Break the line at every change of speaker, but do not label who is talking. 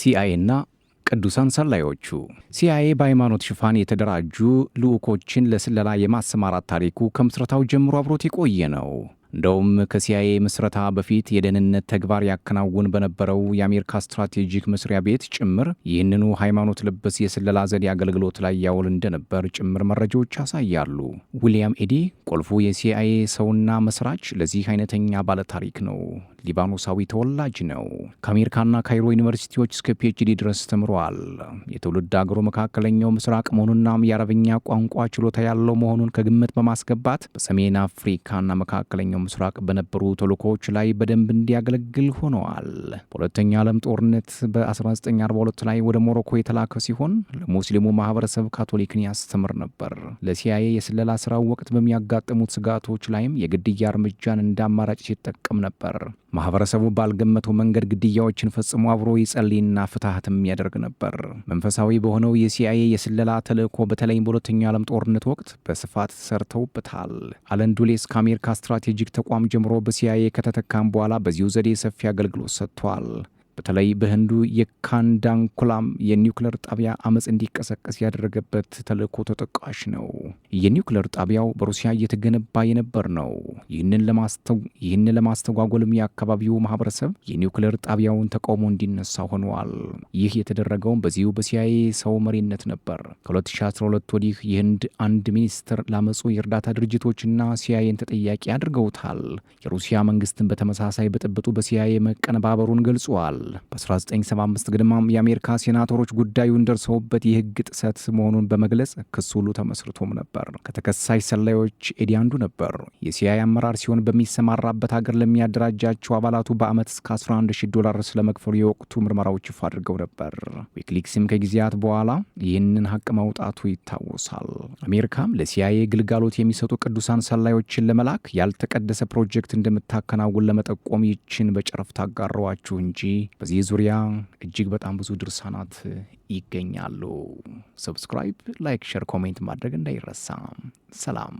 ሲአይኤና ቅዱሳን ሰላዮቹ ሲአይኤ በሃይማኖት ሽፋን የተደራጁ ልዑኮችን ለስለላ የማሰማራት ታሪኩ ከምስረታው ጀምሮ አብሮት የቆየ ነው። እንደውም ከሲአይኤ ምስረታ በፊት የደህንነት ተግባር ያከናውን በነበረው የአሜሪካ ስትራቴጂክ መስሪያ ቤት ጭምር ይህንኑ ሃይማኖት ለበስ የስለላ ዘዴ አገልግሎት ላይ ያውል እንደነበር ጭምር መረጃዎች ያሳያሉ። ዊልያም ኤዲ ቁልፉ የሲአይኤ ሰውና መስራች ለዚህ አይነተኛ ባለታሪክ ነው። ሊባኖሳዊ ተወላጅ ነው። ከአሜሪካና ካይሮ ዩኒቨርሲቲዎች እስከ ፒኤችዲ ድረስ ተምሯል። የትውልድ አገሩ መካከለኛው ምስራቅ መሆኑና የአረብኛ ቋንቋ ችሎታ ያለው መሆኑን ከግምት በማስገባት በሰሜን አፍሪካና መካከለኛው ምስራቅ በነበሩ ተልእኮዎች ላይ በደንብ እንዲያገለግል ሆነዋል። በሁለተኛ ዓለም ጦርነት በ1942 ላይ ወደ ሞሮኮ የተላከ ሲሆን ለሙስሊሙ ማህበረሰብ ካቶሊክን ያስተምር ነበር። ለሲአይኤ የስለላ ስራው ወቅት በሚያጋ ባጋጠሙት ስጋቶች ላይም የግድያ እርምጃን እንደ አማራጭ ሲጠቀም ነበር። ማህበረሰቡ ባልገመተው መንገድ ግድያዎችን ፈጽሞ አብሮ ይጸልይና ፍትሐትም ያደርግ ነበር። መንፈሳዊ በሆነው የሲአይኤ የስለላ ተልእኮ በተለይም በሁለተኛው ዓለም ጦርነት ወቅት በስፋት ሰርተውበታል። አለን ዱሌስ ከአሜሪካ ስትራቴጂክ ተቋም ጀምሮ በሲአይኤ ከተተካም በኋላ በዚሁ ዘዴ ሰፊ አገልግሎት ሰጥቷል። በተለይ በህንዱ የካንዳንኩላም የኒውክለር ጣቢያ አመፅ እንዲቀሰቀስ ያደረገበት ተልእኮ ተጠቃሽ ነው። የኒውክለር ጣቢያው በሩሲያ እየተገነባ የነበር ነው። ይህንን ለማስተጓጎልም የአካባቢው ማህበረሰብ የኒውክለር ጣቢያውን ተቃውሞ እንዲነሳ ሆኗል። ይህ የተደረገውም በዚሁ በሲአይኤ ሰው መሪነት ነበር። ከ2012 ወዲህ የህንድ አንድ ሚኒስትር ላመፁ የእርዳታ ድርጅቶችና ሲአይኤን ተጠያቂ አድርገውታል። የሩሲያ መንግስትን በተመሳሳይ ብጥብጡ በሲአይኤ መቀነባበሩን ገልጿል። በ1975 ግድማም የአሜሪካ ሴናተሮች ጉዳዩን ደርሰውበት የህግ ጥሰት መሆኑን በመግለጽ ክስ ሁሉ ተመስርቶም ነበር። ከተከሳሽ ሰላዮች ኤዲ አንዱ ነበር። የሲአይ አመራር ሲሆን በሚሰማራበት ሀገር ለሚያደራጃቸው አባላቱ በአመት እስከ 11000 ዶላር ስለመክፈሉ የወቅቱ ምርመራዎች ይፋ አድርገው ነበር። ዊክሊክስም ከጊዜያት በኋላ ይህንን ሀቅ ማውጣቱ ይታወሳል። አሜሪካም ለሲአይኤ ግልጋሎት የሚሰጡ ቅዱሳን ሰላዮችን ለመላክ ያልተቀደሰ ፕሮጀክት እንደምታከናውን ለመጠቆም ይችን በጨረፍታ አጋረዋችሁ እንጂ በዚህ ዙሪያ እጅግ በጣም ብዙ ድርሳናት ይገኛሉ። ሰብስክራይብ፣ ላይክ፣ ሸር፣ ኮሜንት ማድረግ እንዳይረሳ። ሰላም።